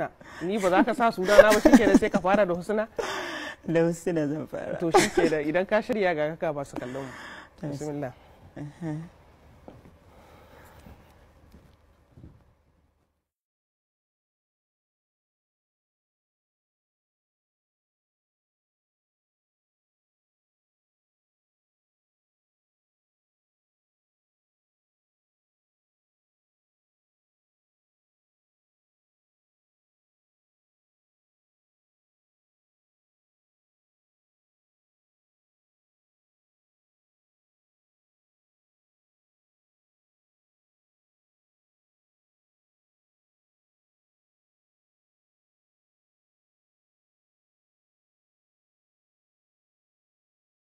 husna ni ba za ka sa sunana ba shi kenan sai ka fara da husna da husna zan fara to shi kenan idan ka shirya ga kaka ba su kallon mu bismillah uh-huh.